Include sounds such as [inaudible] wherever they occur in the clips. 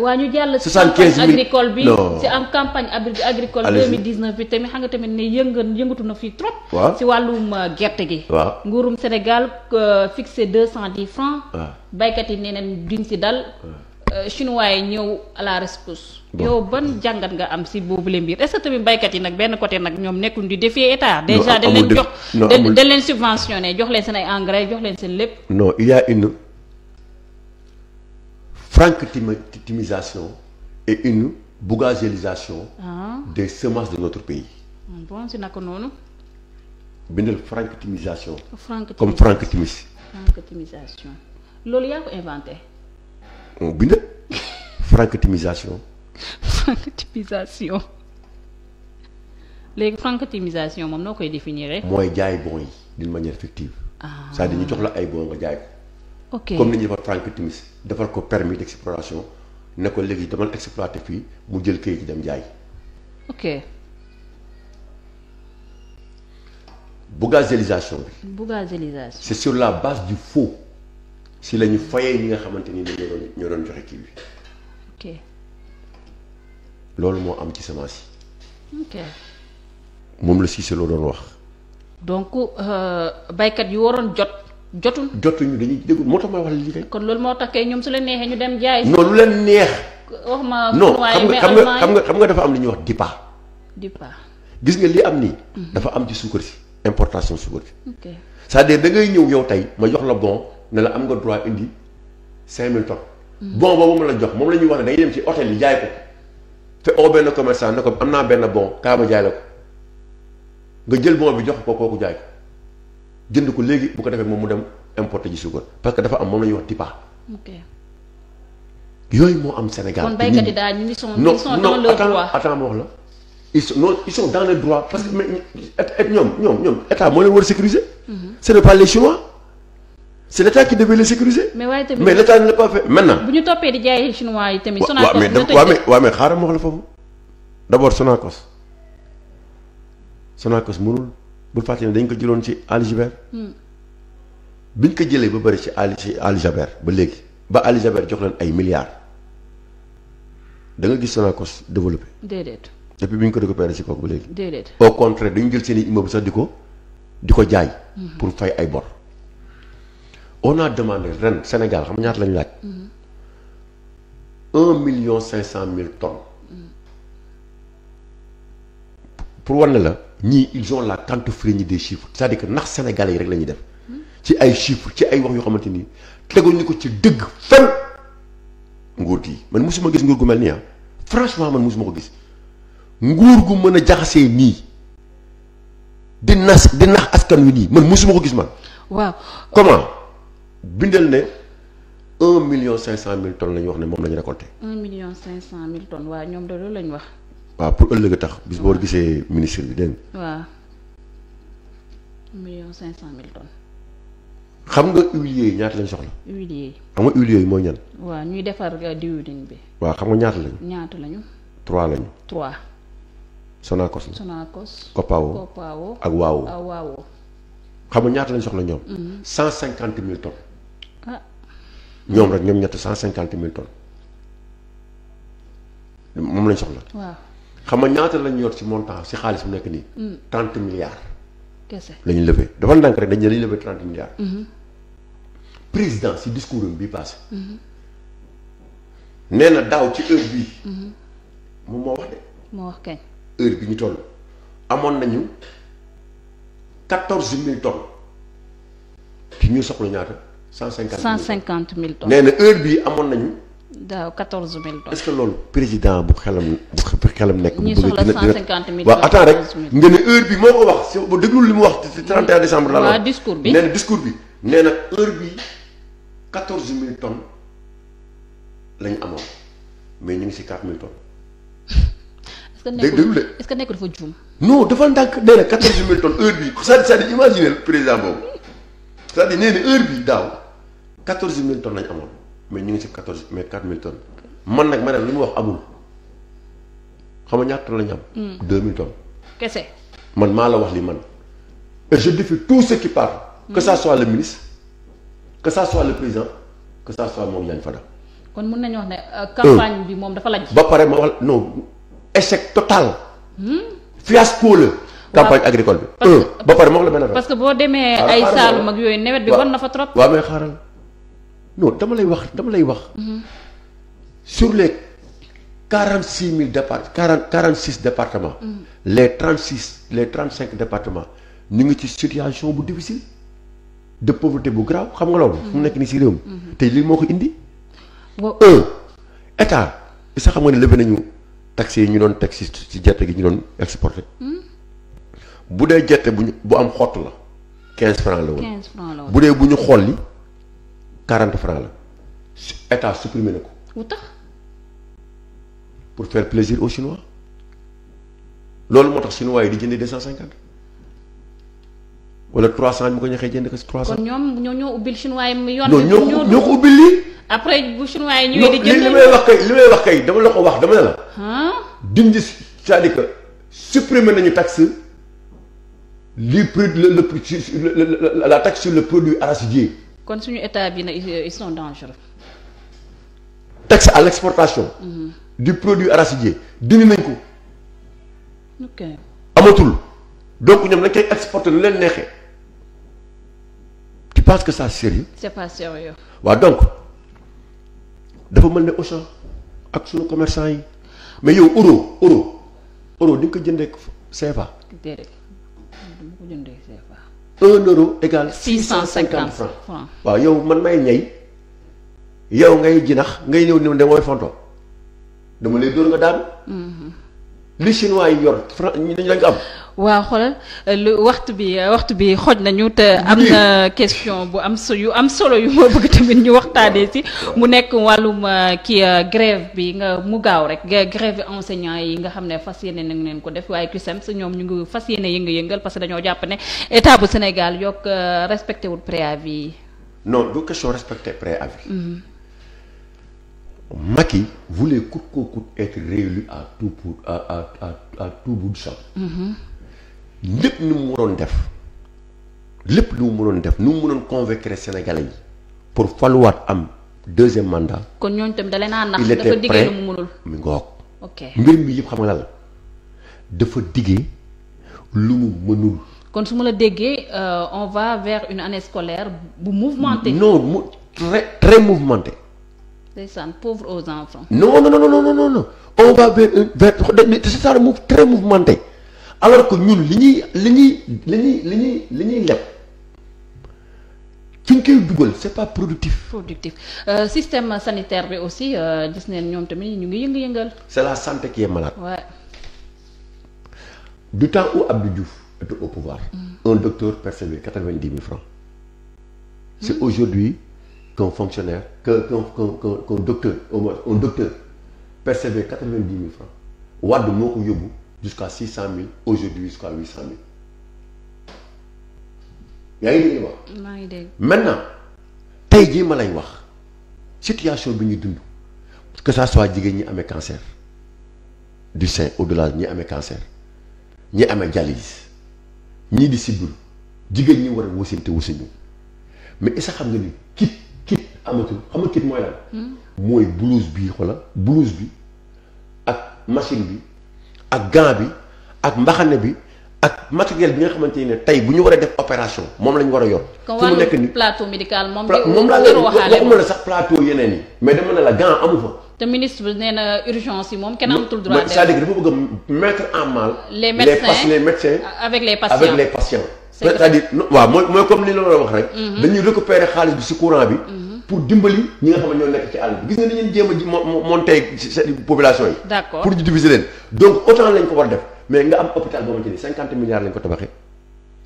waa ñu jàll ci campagne agricole bi ci am campagne agricole 2019 bi tamit xam nga tamit ne yënga yëngatu na fii trop ci wàllum euh, gerte gi waaw nguurum Sénégal euh, fixé deux cent dix francs baykat yi neneen duñ ci dal euh, chinois yi ñëw à la rescousse yow ban jàngat nga am ci boobu le mbir est-ce baykat yi nag benn côté nag ñoom nekkuñ di défier état déjà dañ leen jox dañ leen subventionné jox leen seen ay engrais jox leen seen lépp non il y franctimisation et une bougagélisation ah. des semences de notre pays bon si naka noonu bindal franctimisation comme franctimis franctimisation loolu yaa ko inventé bindal franctimisation franctimisation léegi franctimisation moom noo koy définir mooy jaay bon yi d'une manière fictive ah. cest à ñu jox la ay bon nga jaay ko ok comme ni ñu defar tànk timis defal ko permis d' exploration ne ko léegi demal exploité fii mu jël këyit yi dem jaay. ok. bougazélisation bi. bougazélisation. c' sur la base du faux si la ñu fayee ñi nga xamante ni ñoo doon ñoo joxe kii bi. ok. loolu moo am ci semence yi. ok. moom la Cissé loo doon wax. donc euh, baykat yu waroon jot. jotul jotuñu dañuy déglu moo tax ma wax lii rek. kon loolu moo tax kay ñoom su leen neexee ñu dem jaay. non lu leen neex. wax ma non xam nga xam nga xam nga xam dafa am lu ñuy wax dippa. dippa gis nga li am nii. Mm. dafa am ci suukar si importation suukar si. ok cest ñëw yow tey ma jox la bon ne la am nga droit indi 5000 tonnes. Mm. bon boobu ma la jox moom la ñuy wax ne da ngay dem ci hôtel yi jaay ko. te oo benn commerçant ne ko am naa benn bon kaama jaay la ko nga jël bon bi jox ko kooku jaay ko. jënd ko léegi bu ko defee moom mu dem importer ji suukar parce que dafa am moom la ñuy wax tipa. yooyu moo am Sénégal. kon béykat yi daal ñu sont ils sont dans wax la ils sont non ils le droit parce que mais ñoom ñoom ñoom état moo leen war a sécuriser. Mhm. ce n'est pas les chinois. c'est l'état qui devait les sécuriser. mais waaye tamit mais l'état ne l'a pas bu ñu toppee di jaayee chinois yi tamit. Sonacos mais waaw mais waaw mais xaaral wax la foofu d'abord Sonacos Sonacos mënul. bu fàtte ne dañ ko jëloon ci Ali Jaber hmm. biñ ko jëlee ba bari ci Ali ci Ali ba léegi ba Ali jox leen ay milliards da nga gis Sonacos ko déedéet. depuis bi ñu ko récupéré ci kooku ba léegi. déedéet au contraire dañu jël seen i immeuble sax di ko di ko jaay. Hmm. pour fay ay bor. on demande ren Sénégal xam ñaata lañu laaj. Hmm. un million cinq cent mille tonnes. pour la. ñii ils ont la tentafrénie des chiffres c'est-à-dire nax sénégalais yi rek la ñuy def ci ay chiffres ci ay wax yoo xamante ni ñu ko ci dëgg fen nguur gi man mosuma gis nguur gu mel nii ah man mosuma gis nguur gu mën a jaxasee nii di nas di nax askan wi nii man mosuma ko gis man. waaw comment bindal ne. un million cinq cent mille tonnes la wax ne moom la ñu récolté. un million cinq cent mille tonnes waaw ñoom de loolu la wax. waaw pour ëllëg a tax. bis boo gisee ministre bi dégg nga. million cinq cent mille tonnes. xam nga huiliers yi ñaata lañ soxla. huiliers xam nga huiliers yi mooy ñan. waaw ñuy defar euh, diwlin bi. waaw xam nga ñaata lañ. ñaata lañu. trois lañu. trois. Sonacos la. Sonacos. Copawo Copawo ak Waawo. ak Waawo. xam nga ñaata lañ soxla ñoom. Mm-hmm. cinquante mille tonnes. ah. ñoom rek ñoom ñett cent cinquante mille tonnes moom lañ soxla. waaw. xam nga ñaata lañu yor ci montant si xaalis mu nekk nii. 30 hmm. milliards. kese la ñu levé dafa ndànk rek dañ ne la ñu levé hmm. président ci discours am bii passé. Hmm. nee na daaw ci heure bii. moom moo wax de. moo wax kañ. heure bi ñu toll amoon nañu quatorze mille tonnes ci ñu soxla ñaata cent cinquante mille tonnes nee na heure bii amoon nañu. daaw quatorze mille tonnes. est que loolu président bu xelam bu xelam nekk. bu bëgg dina dina ñuy soxla cent cinquante waaw attends rek nga heure bi moo ko wax si ba déglul li mu wax ci 31 décembre. la waaw discours bi nee na discours bi nee na heure bi quatorze mille tonnes la amoon mais ñu ngi si quatre mille tonnes. dé [laughs] déglu de est-ce que dafa juum. non dafa ndànk nee heure bi c'est-à-dire imaginer président boobu cest heure bi daaw quatorze mille tonnes la amoon. mais ñu ngi ci quatorze mais quatre mille tonnes man nag ma lu li mu wax amul xam nga ñaata tonnes la ñu am. Hmm. deux mille tonnes. kese. man maa la wax li man et je fi tout ceux qui hmm. que ça soit le ministre que ça soit le président que ça soit moom Diagne Fada. kon mun nañu wax ne euh, campagne bi moom dafa laaj. ba pare ma wax non échec total. Hmm? fiasco la. campagne agricole bi. ba pare ma wax la benn parce que boo demee ay Saalum ak yooyu nawet bi bon na fa trop. waaw mais xaaral. non dama lay wax dama lay wax. Mm-hmm. sur les quarante six mille départ quarante quarante six départements. Mm-hmm. les trente six les trente cinq départements ñu ngi ci situation bu difficile de pauvreté bu grave xam nga loolu. Mm-hmm. fu mu nekk nii si réew mi. te lii moo ko indi. un état bi sax xam nga ne levé nañu taxe ñu doon teg si si gerte gi ñu doon exporté. bu dee gerte bu ñu bu am xott la quinze francs la woon. quinze la woon bu dee bu ñu xool li 40 la état supprimé na ko. lu pour faire plaisir au chinois loolu moo tax chinois yi di jëndee 250 wala 300 mu ko ñaxee jënd ko si 300. ñoom ñoo ñoo ubbil chinois yi yoon bi ñoo ñoo ko ubbil lii. après bu chinois yi ñëwee di jënd li may wax kay li may wax kay dama la ko wax dama ne la. dindi c'est-à-dire que supprimer nañu taxe li prix le le la taxe sur le produit arachidier. kon suñu état bi na ils sont dangereux. taxe à l'exportation. Mmh. du produit arachidier dindi nañ ko. amatul donc ñoom dañ koy exporter lu leen neexee. tu penses que ça sérieux. c'est pas sérieux. dafa mel ne Auchan ak sunu commerçant yi mais yow euro euro euro di ko jëndee CFA. un euro égale six cent cinquante francs waaw yow man may ñey yow ngay jinax ngay ñëw ni damooy fonto dama lay dóor nga daanu mm-hmm. li chinois yi yor franc ñu dañ ko am waaw xoolal euh, lu waxtu bi euh, waxtu bi xoj nañu te am na question bu am so yu am solo yu ma bëgg tamit ñu waxtaanee si mu nekk wàllum euh, kii grève bi nga mu gaaw rek grève enseignant yi nga xam ne fas yéene nañ leen ko def waaye CUSEMS ñoom ñu ngi fas yéene yënga-yëngal parce que dañoo jàpp ne état bu Sénégal yokk respecté wul préavis yi respecté préavis mm-hmm. Macky voulait coûte que coûte être lépp ni mu mënoon def lépp lu mu mënoon def nu mu mënoon convaincre Sénégalais yi pour faluwaat am deuxième mandat. kon ñooñ tam da leen a nax dafa diggee lu mu mënul mi ngoog. ok mbir mi yëpp xam nga lan dafa diggee lu mu mënul. kon su ma la déggee euh, on va vers une année scolaire bu mouvementée. non mu très très mouvementée. ndeysaan pauvre aux enfants. non non non non alors que ñun li ñuy li ñuy li ñuy li ñuy li ñuy leb fi ñu koy dugal c'est pas productif. Euh, système sanitaire bi aussi euh, gis neen ñoom tamit ñu ngi yëngu-yëngal. c'est la santé qui est malade. Ouais. du temps où Abdou Diouf était au pouvoir. Mmh. un docteur percevait quatre-vingt-dix mille francs. c'est mm. aujourd'hui qu'un fonctionnaire que qu'un qu'un qu'un docteur au moins un docteur percevait quatre-vingt-dix mille francs Wade moo ko yóbbu. jusqu'à 600 000 aujourd'hui jusqu'à 800 000 maintenant tey jii ma lay wax situation bi ñuy dund que ça soit jigéen ñi amee cancer du sein de delà ñi amee cancer ñi amee dialyse ñii di sibiru jigéen ñi war a wasante wasante mais est-ce xam nga ni kit kit amatul xam kit mooy lan. Hmm? mooy blouse bi xoola blouse bi ak machine bi. ak gant bi ak mbaxane bi ak matériel bi nga xamante ne tey bu ñu war a def opération moom la ñu war a yor. fu mu nekk nii plateau médical moom. moom laa leen waxuma la sax mais dama ne la amu fa. te ministre bi nee na urgence yi moom kenn amatul droit. c'est-à-dire dafa bëgg a mettre en mal. les médecins les médecins avec les patients avec les patients. c'est-à-dire waaw mooy mooy comme ni la wax rek. Mhm. dañuy récupérer xaalis bi ci courant bi. Mhm. pour dimbali ñi nga xam ne ñoo nekk ci àll bi gis nga ni ñun jéem a ji monter population yi. d'accord pour ñu diviser donc autant lañ ko war def mais nga am hôpital boo xamante ni cinquante milliards lañ ko tabaxee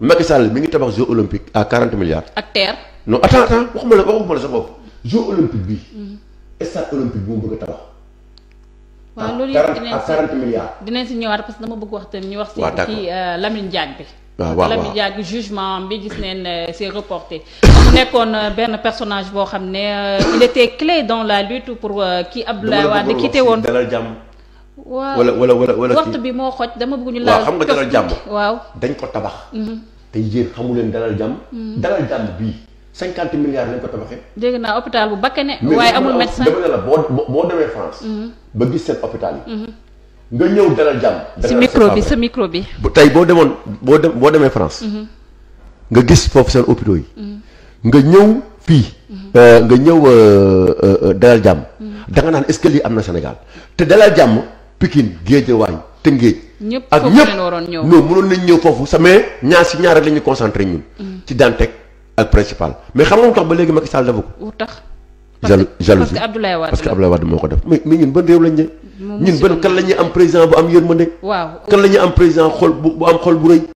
Macky Sall ngi tabax jeux ak terre. non attends attends waxuma la sa bopp jeux olympique bi. Mm-hmm. stade olympique bi mu bëgg a tabax. waaw loolu yëpp dinañ si à quarante milliards. ñëwaat parce que dama bëgg wax tamit ñu wax. waaw si ci euh, Lamine Diack bi. Ah, euh, waaw waaw Lamine Diack jugement bi gis neen euh, c'est reporté mu nekkoon euh, benn personnage boo xam ne il était clé la lutte pour kii Abdoulaye woon dalal jàmm wala wala wala wala waxtu bi moo xoj dama bëgg ñu nga dalal jàmm waaw dañ ko tabax mhm. te yéen xamu leen dalal jàmm mhm. dalal jàmm bii cinquante milliards lañ ko tabaxee dégg naa hôpital bu bakkane waaye amul médecin boo boo demee France mhm. ba gis seen hôpital yi nga ñëw dalal jàmm. dalal micro bi sa micro bi. tey boo demoon boo dem boo demee France. Mhm. nga gis foofu seen hôpitaux yi. Mhm. nga ñëw fii. Mhm. Euh, nga ñëw euh, euh, dalal jàmm. da naan est-ce que lii am na Sénégal te dalal jàmm Pikine Guédiawaye Tëngéej. ñëpp ak ñëpp non mënoon nañ ñëw foofu sa mais ñaar si ñaar rek la ñuy concentré ñun. ci Dantec ak principal mais xam nga lu tax ba léegi Macky Sall dafa ko. jalousie parce que Abdoulaye Wade moo ko def mais mais ñun ban réew lañ ne ñun ban kan la ñuy am président bu am ma yërmande kan la ñuy am président xol bu am xol bu rëy